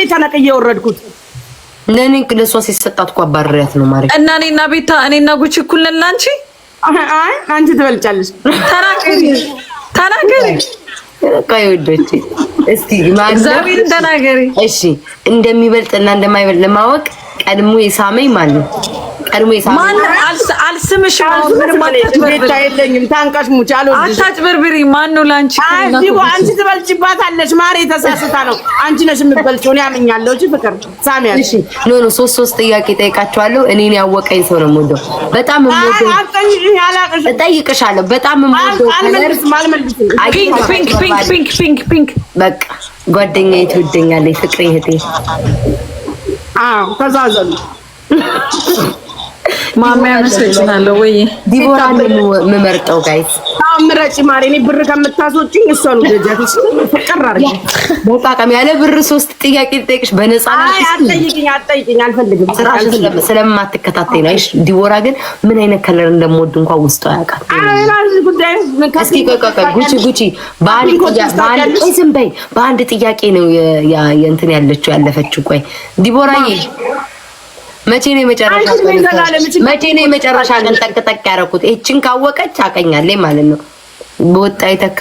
እንዴ ተነቅዬ የወረድኩት ለእኔ ለእሷ ሲሰጣት እኮ አባረሪያት ነው ማሪ እና እኔና ቤታ እኔና ጉቺ እኩል ነን። አንቺ አይ አንቺ ትበልጫለሽ። ተናገሪ ተናገሪ ቆይ ወዶቼ እስኪ እግዚአብሔር ተናገሪ። እሺ እንደሚበልጥና እንደማይበልጥ ለማወቅ ቀድሞ የሳመኝ ማለት ነው ቀድሞ አልስምሽም። ለአንቺ አንቺ ትበልጭባታለሽ። ማሬ ተሳስታ ነው። አንቺ ነሽ እኔ አምኛለሁ። ፍቅር ሳሚያለሽ። ኖ ሶስት ሶስት ጥያቄ እኔን ያወቀኝ ሰው ነው የምወደው። በጣም የምወደው እጠይቅሻለሁ። በጣም የምወደው በቃ ጓደኛዬ ትወደኛለች። ፍቅሬ እህቴ። አዎ ማሚያ መስለችናለሁ ወይ ዲቦራ የምመርጠው። ጋይስ ምረጭ ማሬ። እኔ ብር ከምታስወጪኝ እሷ ነው ያለ ብር ሶስት ጥያቄ ልጠይቅሽ በነፃ አልፈልግም። ስለማትከታተይ ነው። እሺ ዲቦራ ግን ምን አይነት ከለር እንደምወድ እንኳን ውስጥ አያውቃት። እስኪ ጉቺ ጉቺ፣ ዝም በይ። በአንድ ጥያቄ ነው የእንትን ያለችው ያለፈችው። ቆይ ዲቦራዬ መቼ ነው የመጨረሻ? መቼ ነው የመጨረሻ ግን ጠቅጠቅ ያደረኩት? ይችን ካወቀች አቀኛለኝ ማለት ነው። በወጣ የተካ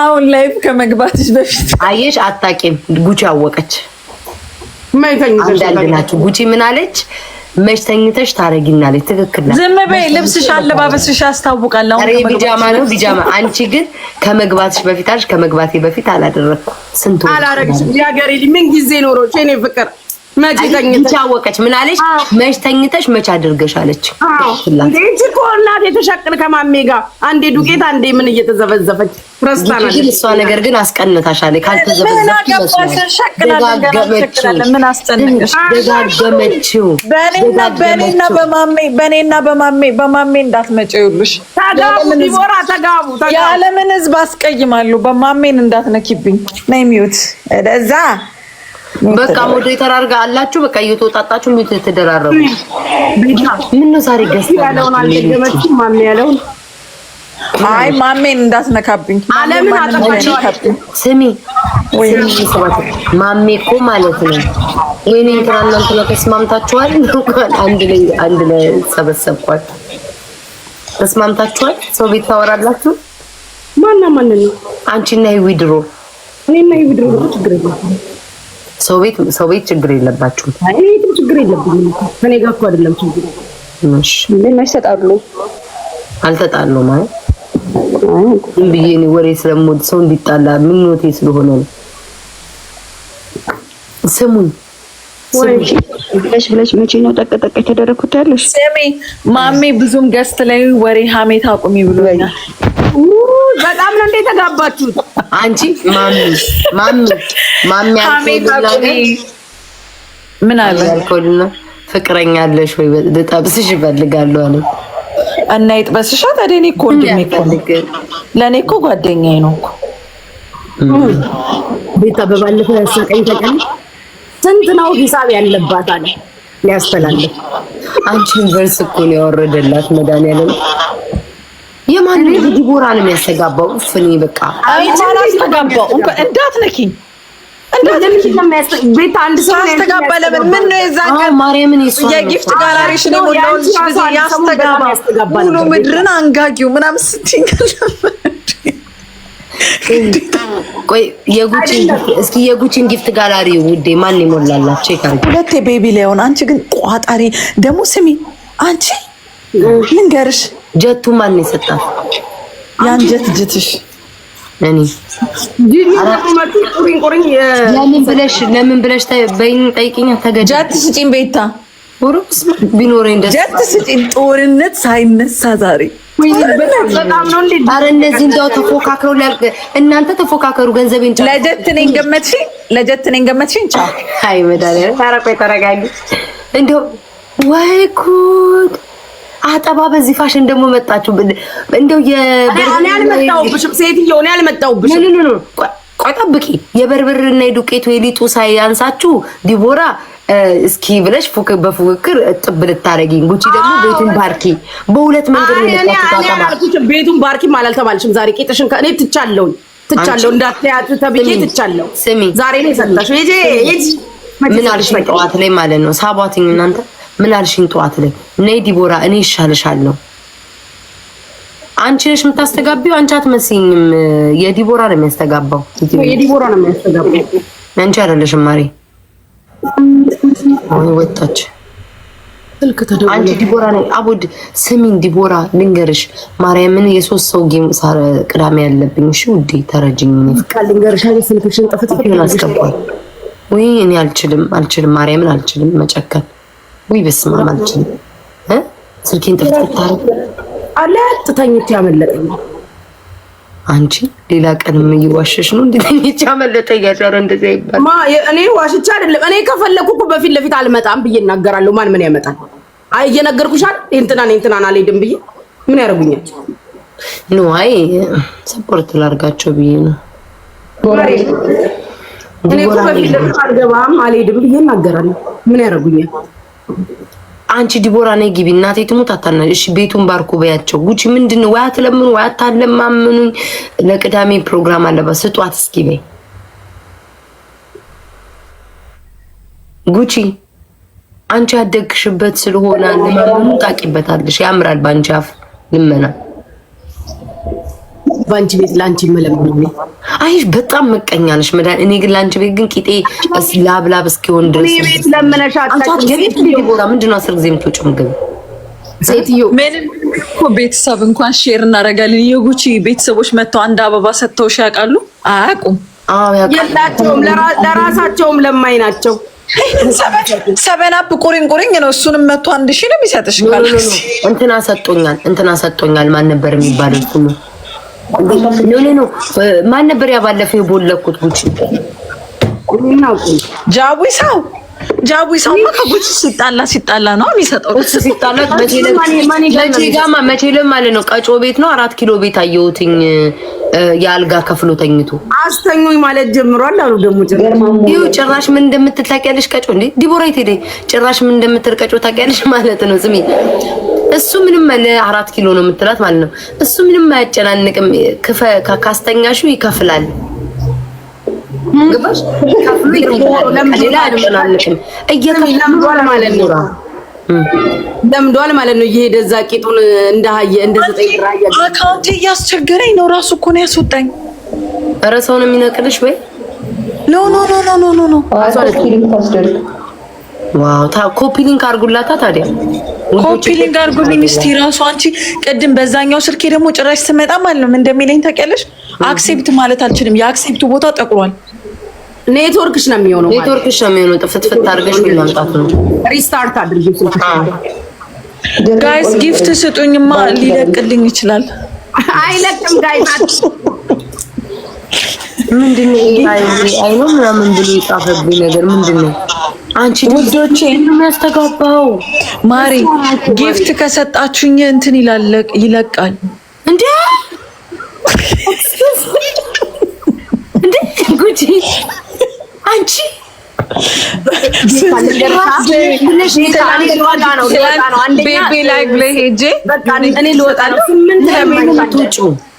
አሁን ላይፍ ከመግባትሽ በፊት አየሽ፣ አታቂም ጉቺ አወቀች። አንዳንድ ናችሁ። ጉቺ ምን አለች? መች ተኝተሽ ታረጊናለች። ትክክል ነው። ዝም በይ። ልብስሽ፣ አለባበስሽ ያስታውቃል። አሁን ቢጃማ ነው ቢጃማ። አንቺ ግን ከመግባትሽ በፊት አልሽ። ከመግባቴ በፊት አላደረግኩም። ስንት አላረግሽ? ያገሬ ምን ጊዜ ኖሮ እኔ ፍቅር መቻወቀች ምን አለች? መች ተኝተሽ መች አድርገሽ አለች። እንዴት እኮ እናቴ ተሸቅል ከማሜ ጋር አንዴ ዱቄት አንዴ ምን እየተዘበዘፈች ረስታናል። እሷ ነገር ግን አስቀንታሻለች። ካልተዘበዘፈችደጋገመችው በእኔና በማሜ በማሜ እንዳትመጪ ይሉሽ ተጋቡ የዓለምን ሕዝብ አስቀይማሉ። በማሜን እንዳትነኪብኝ ነይ ሚዩት እዛ በቃ ሞዶ የተራርጋ አላችሁ። በቃ እየተወጣጣችሁ ምን ተደራረቡ። ምን ነው ዛሬ ገስ ያለውን አልደገመችም። ማሜ ያለውን አይ ማሜን እንዳትነካብኝ። አለምን አጠፋችኝ። ስሚ ማሜ እኮ ማለት ነው ወይኔ እንትናና እንትና ተስማምታችኋል። አንድ ላይ አንድ ላይ ሰበሰብኳት። ተስማምታችኋል። ሰው ቤት ታወራላችሁ። ማና ማን ነው አንቺና ይዊድሮ እኔና ይዊድሮ ችግር የለም ሰው ቤት ሰው ቤት ችግር የለባችሁም። አይ ችግር የለብኝም። ከኔ ጋር እኮ አይደለም ችግር። እሺ ምን አይሰጣሉ አልተጣሉ ማለት ዝም ብዬ እኔ ወሬ ስለምወድ ሰው እንዲጣላ ምኞቴ ስለሆነ ነው። ስሙኝ ብለሽ ብለሽ መቼ ነው ጠቅጠቅ የተደረግኩት ያለሽ? ስሚ ማሜ ብዙም ገስት ላይ ወሬ ሀሜት አቁሚ ብሎኛል። በጣም ነው እንደ ተጋባችሁት አንቺ ማሚ ማሚ ማሚ ምን አለ አልኮልና ፍቅረኛ አለሽ ወይ? ልጠብስሽ እፈልጋለሁ አለ እና ይጥበስሻ። ታዲያ እኔ እኮ ወንድሜ እኮ ለእኔ እኮ ጓደኛዬ ነው እኮ ቤታ። በባለፈው ያሳቀኝ ተቀን ስንት ነው ሂሳብ ያለባት አለ ሊያስተላልፍ። አንቺ ዩኒቨርስ እኮ ነው ያወረደላት መድኃኒዓለም የማን ልጅ ጎራ ነው የሚያስተጋባው? እፍኔ በቃ ቤት አንድ ሰው ያስተጋባ። ለምን ምን ነው ቀን ማርያምን የጊፍት ነው ያስተጋባ ምድርን አንጋጊው ምናምን ስትይኝ ቆይ የጉቺን እስኪ የጉቺን ጊፍት ጋላሪ ውዴ ማን ይሞላላት? ቼክ አርግ። ሁለቴ ቤቢ ሊሆን አንቺ ግን ቋጣሪ ደግሞ ስሚ አንቺ ልንገርሽ ጀቱ ማን የሰጣት? ያን ጀት ጀትሽ ለምን ብለሽ ለምን ብለሽ በይኝ ጠይቂኝ። ተገደ ጀት ስጪኝ ቤታ ወሩስ ቢኖረኝ ደስ ጀት ስጪኝ። ጦርነት ሳይነሳ ዛሬ ኧረ እነዚህ እንዲያው ተፎካክረው እናንተ ተፎካከሩ። ገንዘቤን ጫ ለጀት ነኝ ገመትሽ ለጀት ነኝ ገመትሽ እንጫ አይ መዳለ ታረቆይ ተረጋጊ። እንዲያው ወይ ጉድ አጠባ በዚህ ፋሽን ደግሞ መጣችሁ። እንደው የበርበሬ አልመጣሁብሽም፣ ሴትዮ እኔ አልመጣሁብሽም። ቆይ ጠብቂ፣ የበርበሬና የዱቄቱ የሊጡ ሳያንሳችሁ ዲቦራ እስኪ ብለሽ ፉክ በፉክክር ጥብ ልታረጊኝ። ጉቺ ደግሞ ቤቱን ባርኪ። በሁለት መንገድ ነው የመጣችሁት። ቤቱን ባርኪም ተባልሽም ዛሬ። ቂጥሽን ከእኔ ትቻለሁኝ፣ ትቻለሁ እንዳትያቱ ተብዬ ትቻለሁ። ስሚ ዛሬ ነው የሰጠሽው። ምን አልሽ? ጠዋት ላይ ማለት ነው ሳቧትኝ እናንተ ምን አልሽኝ? ጠዋት ላይ ነይ ዲቦራ፣ እኔ ይሻልሻለሁ። አንቺ ነሽ የምታስተጋቢው። አንቺ አትመስይኝም። የዲቦራ ነው የሚያስተጋባው። የዲቦራ ነው የሚያስተጋባው። አንቺ አይደለሽም ማሪ። አይ ወጣች አንቺ ዲቦራ ነው አቡድ። ስሚን ዲቦራ ልንገርሽ፣ ማርያምን የሶስት ሰው ጌም ሳረ ቅዳሜ ያለብኝ። እሺ ውዴ ተረጅኝ። እኔ ቃል ልንገርሽ፣ አለ ስልክሽን ጠፍቶ አስገባል ወይ? እኔ አልችልም፣ አልችልም፣ ማርያምን አልችልም መጨከን ወይ በስመ አብ አልችልም። ስልኬን ጥፍጥፍ ታረግ አለጥ ተኝቼ ያመለጠኝ አንቺ ሌላ ቀንም እየዋሸሽ ነው። እንዴ? ተኝቼ ያመለጠኝ ያቻረ እንደዚህ አይባል ማ እኔ ዋሽቻ አይደለም። እኔ ከፈለኩ እኮ በፊት ለፊት አልመጣም ብዬ እናገራለሁ። ማን ምን ያመጣል? አይ እየነገርኩሻል። እንትናን እንትናን አልሄድም ብዬ ምን ያደርጉኛል? ኖ አይ ሰፖርት ላርጋቸው ብዬ ነው። እኔ እኮ በፊት ለፊት አልገባም አልሄድም ብዬ እናገራለሁ። ምን ያደርጉኛል? አንቺ ዲቦራ ነይ ግቢ፣ እናቴ ትሙት አታና። እሺ ቤቱን ባርኩ በያቸው። ጉቺ ምንድን ነው ወይ አትለምኑ ወይ አታለማምኑኝ። ለቅዳሜ ፕሮግራም አለባት ስጧት እስኪ በይ ጉቺ። አንቺ ያደግሽበት ስለሆነ አለማምኑ ታቂበታለሽ። ያምራል ባንቺ አፍ ልመና በአንቺ ቤት ለአንቺ መለምኝ አይሽ በጣም መቀኛ ነሽ። መዳን እኔ ግን ለአንቺ ቤት ግን ቂጤ ላብላብ እስኪሆን ድረስ ቤት ለምነሻ ቦታ ምንድነው አስር ጊዜ የምትወጪው ምግብ ሴትዮ ምንም እኮ ቤተሰብ እንኳን ሼር እናደርጋለን። የጉቺ ቤተሰቦች መጥተው አንድ አበባ ሰጥተውሽ ያውቃሉ? አያውቁም። የላቸውም። ለራሳቸውም ለማይ ናቸው። ሰበን አፕ ቁሪን ቁሪኝ ነው። እሱንም መቶ አንድ ሺህ ነው የሚሰጥሽ። እንትና ሰጦኛል፣ እንትና ሰጦኛል። ማን ነበር የሚባለው? ኖ ኖ ማን ነበር ያ ባለፈው የቦለኩት ጉቺ ጃዊ ሰው ጃዊ ሰው ከጉቺ ሲጣላ ሲጣላ ነው የሚሰጠው። ሲጣላ መቼልም ማለት ነው። ቀጮ ቤት ነው አራት ኪሎ ቤት አየሁትኝ። የአልጋ ከፍሎ ተኝቶ አስተኙኝ ማለት ጀምሯል አሉ። ደግሞ ይኸው ጭራሽ ምን እንደምትል ታውቂያለሽ? ቀጮ እንዴ ዲቦራ ይቴ ጭራሽ ምን እንደምትል ቀጮ ታውቂያለሽ ማለት ነው ስሚ እሱ ምንም አራት ኪሎ ነው የምትላት ማለት ነው። እሱ ምንም አያጨናንቅም። ካስተኛሹ ይከፍላል። ግባሽ ከፍሎ ለምዷል ማለት ነው። እየሄደ እዛ ቂጡን እንዳየ እንደ ዘጠኝ አካውንት እያስቸገረኝ ነው። ራሱ እኮ ነው ያስወጣኝ። ኧረ ሰው ነው የሚነቅልሽ ወይ? ኖ ኖ ኖ ኖ ኖ ኖ ዋው ታ ኮፒ ሊንክ አድርጉላታ። ታዲያ ኮፒ ሊንክ አድርጉ። ሚኒስትሪ ራሱ አንቺ ቅድም በዛኛው ስልኬ ደግሞ ጭራሽ ስመጣ ማለት ነው እንደሚለኝ ታውቂያለሽ። አክሴፕት ማለት አልችልም። የአክሴፕቱ ቦታ ጠቁሯል። ኔትወርክሽ ነው የሚሆነው፣ ኔትወርክሽ ነው የሚሆነው። ጥፍትፍት አድርገሽ ማምጣት ነው። ሪስታርት አድርጊ። ጋይስ ጊፍት ስጡኝማ፣ ሊለቅልኝ ይችላል። አይለቅም ጋይስ ምንድነው? አይ አይ ነው ምናምን ብሎ የጻፈብኝ ነገር ምንድነው? አንቺ ውዶቼ የሚያስተጋባው ማሪ ጊፍት ከሰጣችሁኝ እንትን ይላል ይለቃል እንዴ? እንዴ ጉጂ አንቺ ቤቢ ላይ ብለ ሄጄ እኔ ልወጣ ነው ስምንት ለምን ትወጪው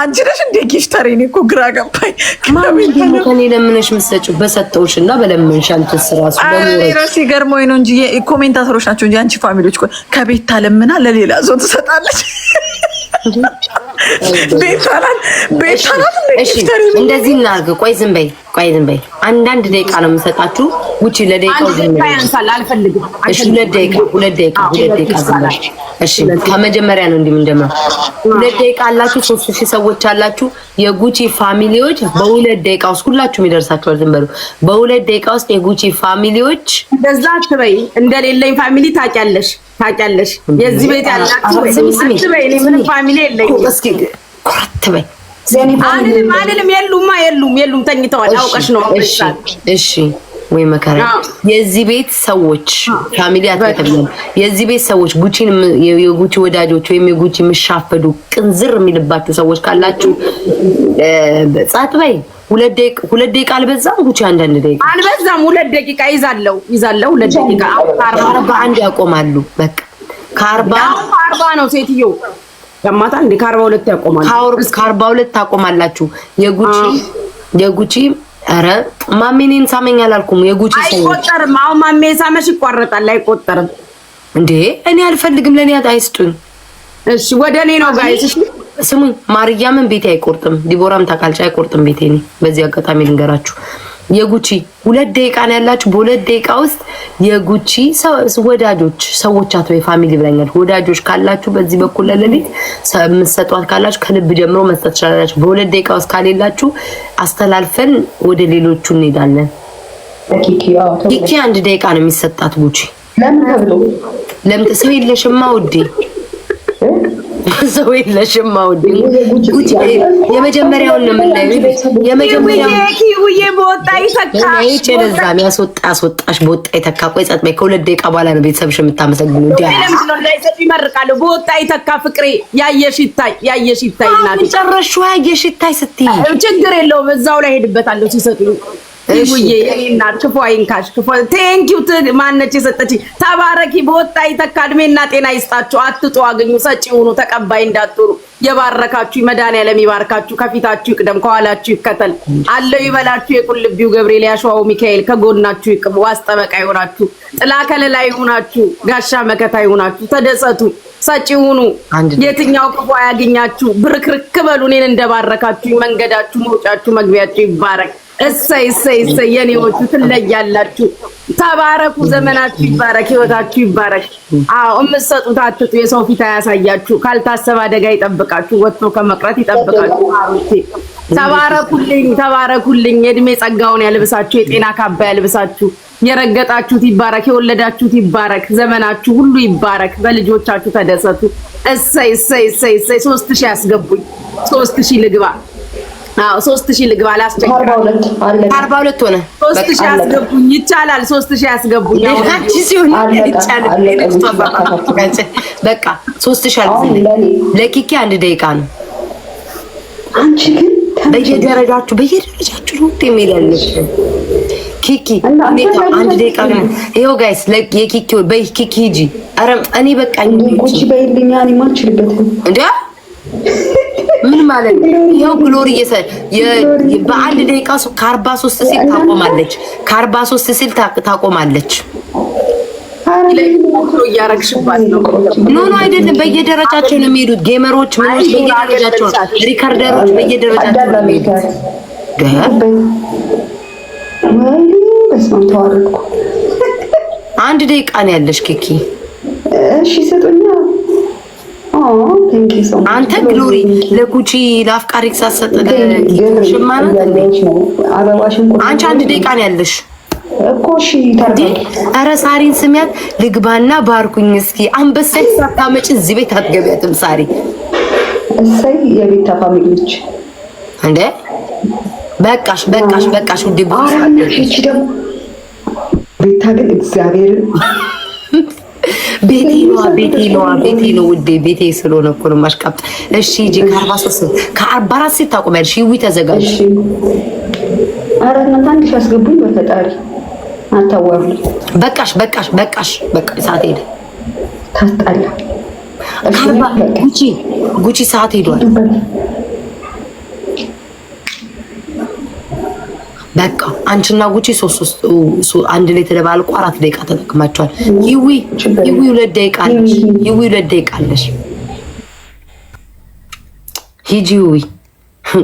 አንቺ ነሽ እንደ ጊፍተር። እኮ ግራ ገባኝ። ከኔ ለምነሽ የምትሰጪው በሰጠውሽ እና በለምንሽ አንቺስ ራሱ ራሱ ገርሞኝ ነው እንጂ ኮሜንታተሮች ናቸው እንጂ አንቺ ፋሚሊዎች እኮ ከቤታ ለምና ለሌላ ሰው ትሰጣለች። እንደዚህ እናድርግ። ቆይ ዝም በይ፣ ቆይ ዝም በይ። አንዳንድ ደቂቃ ነው የምሰጣችሁ። ውጪ ለደቂቃው ዝም በይ። እሺ፣ ሁለት ሁለት ደቂቃ ሁለት ደቂቃ ዝም እሺ፣ ከመጀመሪያ ነው እንዲህ ምን ደማ ሁለት ደቂቃ አላችሁ ሦስት ሺህ ሰው ሰዎች አላችሁ፣ የጉቺ ፋሚሊዎች በሁለት ደቂቃ ውስጥ ሁላችሁም ይደርሳችኋል። ዝም በሉ። በሁለት ደቂቃ ውስጥ የጉቺ ፋሚሊዎች በዛ አትበይ። እንደሌለኝ ፋሚሊ ታውቂያለሽ፣ ታውቂያለሽ። የዚህ ቤት ያላችሁ አትበይ። እኔ ምንም ፋሚሊ የለኝም። እስኪ ኩራት በይ። አንልም፣ አንልም። የሉማ፣ የሉም፣ የሉም። ተኝተዋል። አውቀሽ ነው። እሺ፣ እሺ ወይ መከራ የዚህ ቤት ሰዎች ፋሚሊ አትተብለም። የዚህ ቤት ሰዎች ጉቺን የጉቺ ወዳጆች ወይም የጉቺ የምሻፈዱ ቅንዝር የሚልባችሁ ሰዎች ካላችሁ ጻት በይ። ሁለት ደቂቃ አልበዛም። ጉቺ አንዳንድ ደቂቃ አልበዛም። ሁለት ደቂቃ ይዛለው ይዛለው። ሁለት ደቂቃ አርባ አንድ ያቆማሉ። በቃ ከአርባ አርባ ነው ሴትዮ ገማታ እንደ ከአርባ ሁለት ያቆማሉ። ከአርባ ሁለት ታቆማላችሁ የጉቺ የጉቺ አረ ማሜ እኔን ሳመኝ አላልኩም። የጉቺ ሰው አይቆጠርም። አሁን ማሜ ሳመሽ ይቋረጣል፣ አይቆጠርም። እንዴ እኔ አልፈልግም፣ ለኔ አይስጡኝ። እሺ ወደ እኔ ነው ጋይስ። እሺ ስሙኝ፣ ማርያምን ቤቴ አይቆርጥም፣ ዲቦራም ታውቃለች፣ አይቆርጥም ቤቴ። እኔ በዚህ አጋጣሚ ልንገራችሁ የጉቺ ሁለት ደቂቃ ነው ያላችሁ። በሁለት ደቂቃ ውስጥ የጉቺ ወዳጆች ሰዎች አቶ የፋሚሊ ብለኛል። ወዳጆች ካላችሁ በዚህ በኩል ለሌሊት የምትሰጧት ካላችሁ ከልብ ጀምሮ መስጠት ትችላላችሁ። በሁለት ደቂቃ ውስጥ ካሌላችሁ አስተላልፈን ወደ ሌሎቹ እንሄዳለን። ኪኪ አንድ ደቂቃ ነው የሚሰጣት ጉቺ። ለምን ሰው የለሽማ ውዴ ሰው የለሽም። አሁን የመጀመሪያውን ነው የምናየው። የመጀመሪያውን ያስወጣ ያስወጣሽ በወጣ የተካ ቆይ ጸጥ በይ። ከሁለት ደቂቃ በኋላ ነው ቤተሰብሽ የምታመሰግኑ። ይመርቃሉ። በወጣ የተካ ፍቅሬ ያየሽ ይታይ፣ ያየሽ ይታይ። ጨረሹ ያየሽ ይታይ ስትይ ችግር የለውም እዛው ላይ ሄድበታለሁ ሲሰጡ ክፉ አይንካሽ። ቴንኪው ማነች የሰጠችኝ? ተባረኪ። በወጣ ይተካ እድሜና ጤና ይስጣችሁ። አትጡ፣ አገኙ፣ ሰጪ ሁኑ፣ ተቀባይ እንዳትሆኑ። የባረካችሁ መድኃኒዓለም ይባርካችሁ። ከፊታችሁ ይቅደም፣ ከኋላችሁ ይከተል። አለው ይበላችሁ። የቁልቢው ገብርኤል ያሸዋው ሚካኤል ከጎናችሁ ይቅም። ዋስጠበቃ ይሆናችሁ፣ ጥላ ከለላ ይሆናችሁ፣ ጋሻ መከታ ይሆናችሁ። ተደሰቱ፣ ሰጪ ሁኑ። የትኛው ክፉ አያገኛችሁ። ብርክርክ በሉ። እኔን እንደባረካችሁ መንገዳችሁ፣ መውጫችሁ፣ መግቢያችሁ ይባረክ። እሰይ እሰይ እሰይ የኔዎቹ ትለያላችሁ። ተባረኩ። ዘመናችሁ ይባረክ፣ ህይወታችሁ ይባረክ። አዎ እምትሰጡት አትጡ። የሰው ፊት አያሳያችሁ። ካልታሰበ አደጋ ይጠብቃችሁ፣ ወጥቶ ከመቅረት ይጠብቃችሁ። ተባረኩልኝ፣ ተባረኩልኝ። የእድሜ ጸጋውን ያልብሳችሁ፣ የጤና ካባ ያልብሳችሁ። የረገጣችሁት ይባረክ፣ የወለዳችሁት ይባረክ፣ ዘመናችሁ ሁሉ ይባረክ። በልጆቻችሁ ተደሰቱ። እሰይ እሰይ እሰይ እሰይ። ሶስት ሺህ ያስገቡኝ፣ ሶስት ሺህ ልግባ አዎ 3000 ልግባ አላስቸግረው። 42 42 ሆነ። 3000 ያስገቡኝ ይቻላል። 3000 ያስገቡኝ በቃ 3000 ለኪኪ አንድ ደቂቃ ነው። አንቺ ግን በየደረጃችሁ በየደረጃችሁ ነው የሚል ኪኪ አንድ ደቂቃ ነው። ይኸው ጋይስ ለኪኪ በይ ኪኪ ሂጂ። ኧረ እኔ በቃ እንጂ በይልኛ እኔ ማልችልበትም ምን ማለት ነው? ይኸው ግሎሪ በአንድ ደቂቃ ከአርባ ሶስት ሲል ታቆማለች። ከአርባ ሶስት ሲል ታቆማለች። እያረግሽባት ነው። ኖ ኖ አይደለም። በየደረጃቸው ነው የሚሄዱት ጌመሮች፣ ምኖች በየደረጃቸው ሪከርደሮች በየደረጃቸው ነው አንድ ደቂቃ ነው ያለሽ ኪኪ። እሺ ሰጡኛ አንተ ግሎሪ ለጉቺ ለአፍቃሪ ሳሰጥ አንቺ አንድ ደቂቃ ነው ያለሽ እኮ እሺ። ኧረ ሳሪን ስሚያት ልግባና ባርኩኝ እስኪ። አንበሳ ሳታመጪ እዚህ ቤት አትገቢያትም ሳሪ። እሰይ የቤት ፋሚሊዎች እንዴ! በቃሽ፣ በቃሽ፣ በቃሽ። ውዴ ቤታ ግን እግዚአብሔር ቤቴ ነዋ፣ ቤቴ ነዋ፣ ቤቴ ነው ውዴ፣ ቤቴ ስለሆነ እኮ ነው ማሽቃብጥ። እሺ ሂጂ። ከአርባ ሦስት ከአርባ አራት ሴት ታቆሚያለሽ። ይዊ ተዘጋጅ። አራት ናት። አንድ ሺህ አስገቡኝ በፈጣሪ አታዋሩኝ። በቃሽ፣ በቃሽ፣ በቃሽ። በቃ ሰዓት ሄደ። ታስጣላ ጉቺ፣ ጉቺ ሰዓት ሄዷል። በቃ አንቺና ጉቺ ሶስት ሶስት አንድ ላይ ተደባልቆ አራት ደቂቃ ተጠቅማቸዋል። ይዊ ይዊ ሁለት ደቂቃ አለሽ። ይዊ ሁለት ደቂቃ አለሽ። ሂጂ ይዊ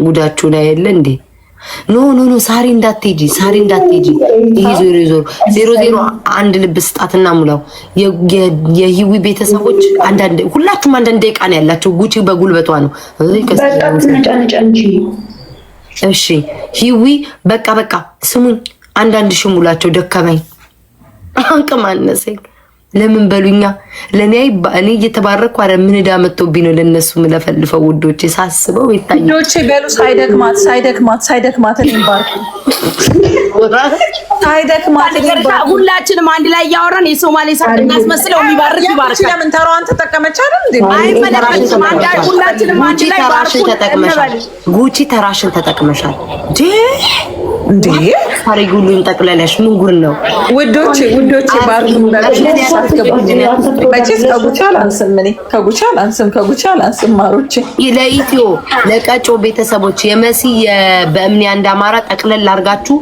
ጉዳችሁን አየለ እንዴ! ኖ ኖ ኖ ሳሪ እንዳትሄጂ፣ ሳሪ እንዳትሄጂ። ይሄ ዜሮ ዜሮ ዜሮ ዜሮ አንድ ልብ ስጣትና ሙላው። የሂዊ ቤተሰቦች አንዳንድ ሁላችሁም አንዳንድ ደቂቃ ነው ያላቸው። ጉቺ በጉልበቷ ነው እሺ ሂዊ በቃ በቃ ስሙኝ። አንዳንድ ሽሙላቸው ደከመኝ፣ አቅም አነሰኝ። ለምን በሉኛ ለእኔ እኔ እየተባረኩ አረ ምን ዕዳ መጥቶብኝ ነው ለእነሱ ምለፈልፈው ውዶቼ ሳስበው ይታኛል ውዶቼ በሉ ሳይደክማት ሳይደክማት ሳይደክማት ባርኩ ሳይደክማት ሁላችንም አንድ ላይ እያወራን የሶማሌ ሳ እናስመስለው የሚባርክ ይባርካል ለምን ተሯን ተጠቀመች አይደል አይመለከትም ሁላችንም አንድ ላይ ባርኩ ጉቺ ተራሽን ተጠቅመሻል እንዴ ታሪክ ሁሉን ጠቅለለሽ ምን ጉድ ነው? ውዶች ውዶች፣ ባርኩ ከጉቻ ላንስም፣ እኔ ለኢትዮ ለቀጮ ቤተሰቦች የመሲ በእምኔ አንድ አማራ ጠቅለል አድርጋችሁ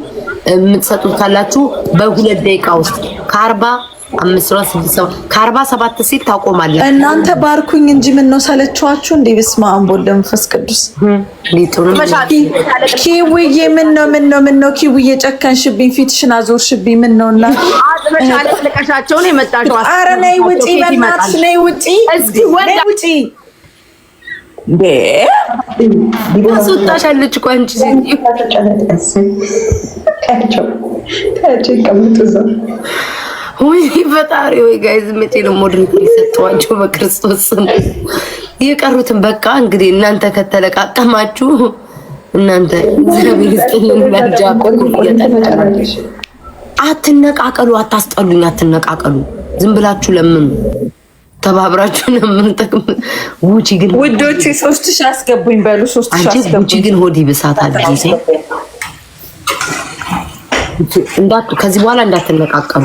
የምትሰጡት ካላችሁ በሁለት ደቂቃ ውስጥ ከአርባ አምስት ሰው ስድስት ሰው ከአርባ ሰባት ሴት ታቆማለች። እናንተ ባርኩኝ እንጂ ምን ነው ሰለችኋችሁ እንዴ? በስመ አብ ወወልድ ወመንፈስ ቅዱስ። ኪውዬ ምን ነው ምን ነው ምን ነው ኪውዬ፣ ጨከንሽብኝ፣ ፊትሽን አዞርሽብኝ። ምን ነው እና አጥመሻለቀሻቸው ነው የመጣሽው? ነይ ውጪ፣ በእናትሽ ነይ ውጪ፣ ውጪ። እኮ አንቺ ሴትዮ ወይ ፈጣሪ ወይ ጋይዝ መቼ ነው ሞድሪት የሰጠዋቸው? በክርስቶስ የቀሩትን በቃ እንግዲህ እናንተ ከተለቃቀማችሁ እናንተ እግዚአብሔር ይስጥልን። ለጃ አትነቃቀሉ፣ አታስጠሉኝ፣ አትነቃቀሉ። ዝም ብላችሁ ለምኑ፣ ተባብራችሁ ለምኑ። ጠቅም ውጪ ግን ውዶቹ ሶስት ሺ አስገቡኝ በሉ። ሶስት ሺ አስገቡኝ። ውጪ ግን ሆዲ ብሳት አለ ከዚህ በኋላ እንዳትነቃቀሉ።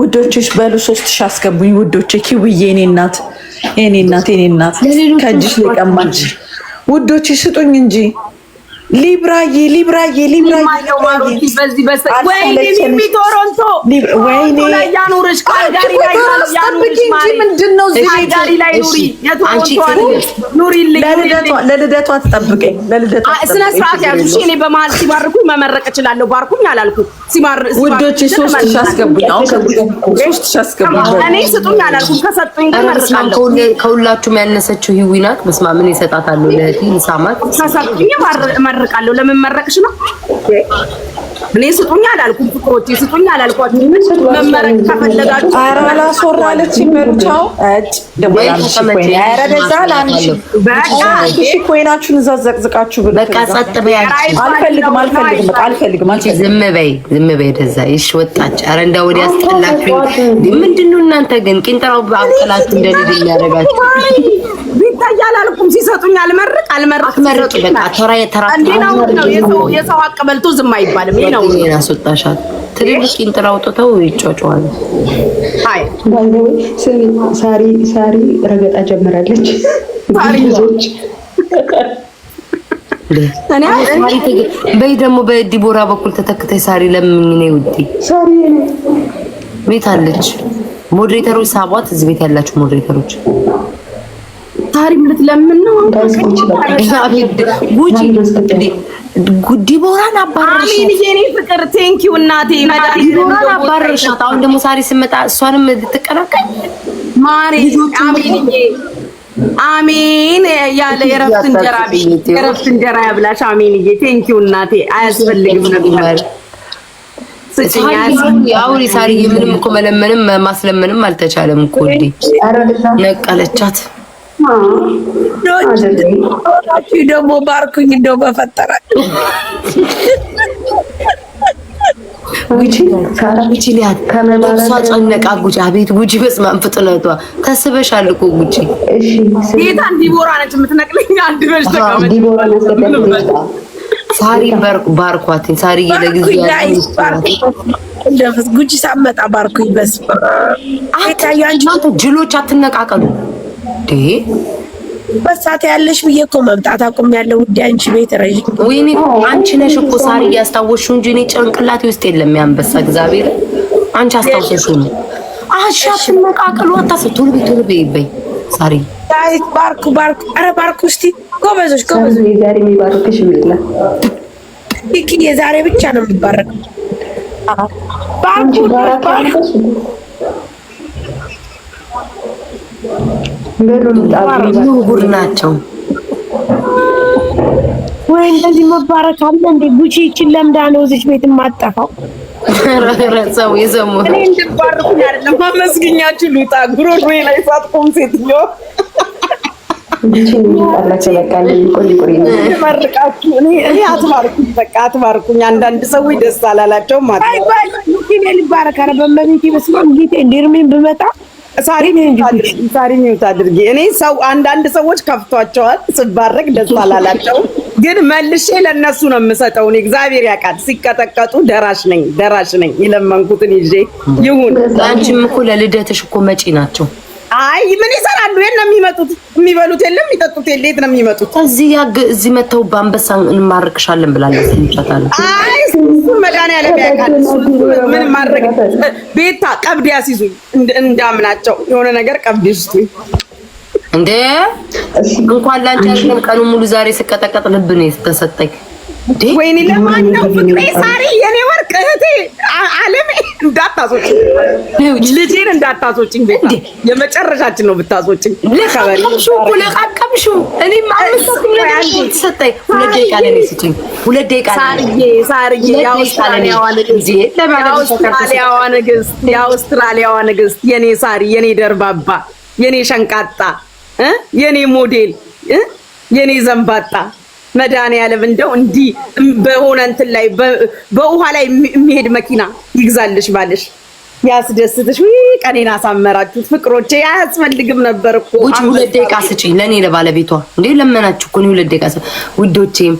ውዶችሽ በሉ ሶስት ሺህ አስገቡኝ ውዶች። ኪውዬ የኔ እናት የኔ እናት የኔ እናት ከእጅሽ ሊቀማች ውዶች ስጡኝ እንጂ ሊብራዬ ሊብራዬ ሊብራዬ በዚህ ቶሮንቶ ወይኔ ያኑርሽ ካልጋሪ ላይ ለልደቷ ትጠብቀኝ በመሀል ሲባርኩኝ መመረቅ እችላለሁ ባርኩኝ አላልኩም ውዶች ሶስት ሺህ አስገቡኝ ሶስት ሺህ አስገቡኝ እኔ ስጡኝ አላልኩም ከሰጡኝ ግን መርቃለሁ ከሁላችሁም ያነሰችው ህዊ ናት በስመ አብ ምን ይሰጣታለሁ ለእህቴ ልሳማት ከሰጡኝ እመርቃለሁ። ለምን መረቅሽ ነው? እኔ ስጡኝ አላልኩም፣ ፍቅሮቼ ስጡኝ አላልኳችሁ። መመረቅ ከፈለጋችሁ ኧረ ሶራለች ይመርቻው እጭ ኮይናችሁን እዛ ዘቅዝቃችሁ በቃ ጸጥ በያችሁ። አልፈልግም አልፈልግም አልፈልግም። አንቺ ዝም በይ ዝም በይ። ደዛ ይሽ ወጣች። ኧረ እንደው ወዲያ አስጠላችሁ። ምንድን እናንተ ግን ቂንጠራው አብጥላችሁ እንደልጅ የሚያደርጋችሁ ይታያል አልኩም። ሲሰጡኝ አልመርቅ አልመርቅ አትመርቂ። በቃ ተራ የተራ ነው። የሰው ሀቅ በልቶ ዝም አይባልም። ይሄ ነው ትልልቅ አውጥተው ይጫጫዋል። አይ ሳሪ ሳሪ ረገጣ ጀምራለች። ሳሪ ልጆች በይ ደግሞ በዲቦራ በኩል ተተክተሽ ሳሪ ለምኝ ነው ውዴ። ሳሪ ቤት አለች። ሞዴሬተሮች ሳቧት። እዚህ ቤት ያላችሁ ሞዴሬተሮች ፈጣሪም ልትለምን ነው። ዲቦራን አባረርሽ። የኔ ፍቅር ቴንኪው እናቴ። ዲቦራን አባረርሻት። አሁን ደግሞ ሳሪ ስመጣ እሷንም ልትቀላቀል ማሪ አሜን አሜን ያለ የረፍት እንጀራ የረፍት እንጀራ ያብላሽ። አሜን አሜንዬ ቴንኪው እናቴ። አያስፈልግም ነበር አውሪ ሳሪ። ምንም እኮ መለመንም ማስለመንም አልተቻለም እኮ ነቀለቻት። ዶች ደግሞ ባርኩኝ እንደው በፈጠራችሁ ጉጂ ከመሳ ጨነቃ ጉጂ አቤት ጉጂ በስማን ፍጥነቷ ተስበሻል እኮ ጉጂ ጌታን ዲቦራ ነች የምትነቅለኝ አንድ በሽ ሳሪ ባርኳትኝ ሳሪ ለጊዜ ጉጂ ሳመጣ ባርኩኝ በስ ጅሎች አትነቃቀሉ በሳት ያለሽ ብዬ እኮ መምጣት አቁም ያለው ውዴ፣ አንቺ ቤት ረዥም ወይኔ፣ አንቺ ነሽ እኮ ሳሪ እያስታወሽው እንጂ እኔ ጭንቅላቴ ውስጥ የለም ያንበሳ። እግዚአብሔር አንቺ አስታውሰሽው ነው። አሻሽ መቃቀሉ አታስ ቱርቢ ቱርቢ ይበይ ሳሪ ዳይት ባርኩ ባርኩ፣ አረ ባርኩ እስቲ ጎበዞች፣ ጎበዞች። የዛሬ የሚባርክሽ ምንድን ነው? የዛሬ ብቻ ነው የሚባረክ። ባርኩ ባርኩ ጉድ ናቸው ወይ? እንደዚህ መባረክ አለ እንዴ? ጉቺ ይችን ለምዳ ነው እዚች ቤት የማጠፋው። ረሰው የዘሙ እኔ እንድባርኩኝ አይደለም ማመስገኛችሁ። ልውጣ ጉሮሮ ላይ ሳትቆም እኔ አትባርኩኝ በቃ አትባርኩኝ። አንዳንድ ሰዎች ደስ አላላቸውም። ልባረክ ኧረ በመቤቴ በስመ አብ ጌቴ እንደ እርሜን ብመጣ ሳሪ ሚዩት አድርጊ። እኔ ሰው አንዳንድ ሰዎች ከፍቷቸዋል ስባረክ ደስ አላላቸው፣ ግን መልሼ ለእነሱ ነው የምሰጠው። እኔ እግዚአብሔር ያውቃል ሲቀጠቀጡ ደራሽ ነኝ ደራሽ ነኝ። የለመንኩትን ይዤ ይሁን። አንቺም እኮ ለልደትሽ እኮ መጪ ናቸው አይ ምን ይሰራሉ? የት ነው የሚመጡት? የሚበሉት የለም የሚጠጡት የለ። የት ነው የሚመጡት? እዚህ ያግ እዚህ መተው በአንበሳ እንማርክሻለን ብላለ እንቻታለን። አይ እሱ መድኃኒዓለም ያውቃል። ምን ማድረግ ቤታ ቀብድ ያስይዙኝ እንዳምናቸው የሆነ ነገር ቀብድ ይስጡኝ እንዴ። እንኳን ላንቺ ቀኑ ሙሉ ዛሬ ስቀጠቀጥ ልብ ነው የተሰጠኝ። ወይኔ ለማንኛው ፍቅሬ ሳሪ የኔ ወርቅ እህቴ አለም እንዳታሶጭኝ፣ ልጄን እንዳታሶጭኝ። ቤታ የመጨረሻችን ነው ብታሶጭኝ። ለቀምሹ ለቀምሹ እኔም ሰጠኝ። ሁለት ደቂቃ ለኔ ስጭኝ። ሁለት ደቂቃ ሳርዬ፣ የአውስትራሊያዋ ንግስት፣ የአውስትራሊያዋ ንግስት፣ የአውስትራሊያዋ ንግስት፣ የኔ ሳሪ፣ የኔ ደርባባ፣ የኔ ሸንቃጣ፣ የኔ ሞዴል፣ የኔ ዘንባጣ መድኃኒዓለም እንደው እንዲህ በሆነ እንትን ላይ በውሃ ላይ የሚሄድ መኪና ይግዛልሽ ባልሽ ያስደስትሽ። ቀኔን አሳመራችሁት ፍቅሮቼ። አያስፈልግም ነበር እኮ ውጪ። ሁለት ደቂቃ ስጪ ለእኔ ለባለቤቷ እንዴ ለመናችሁ እኮ ሁለት ደቂቃ ውዶቼም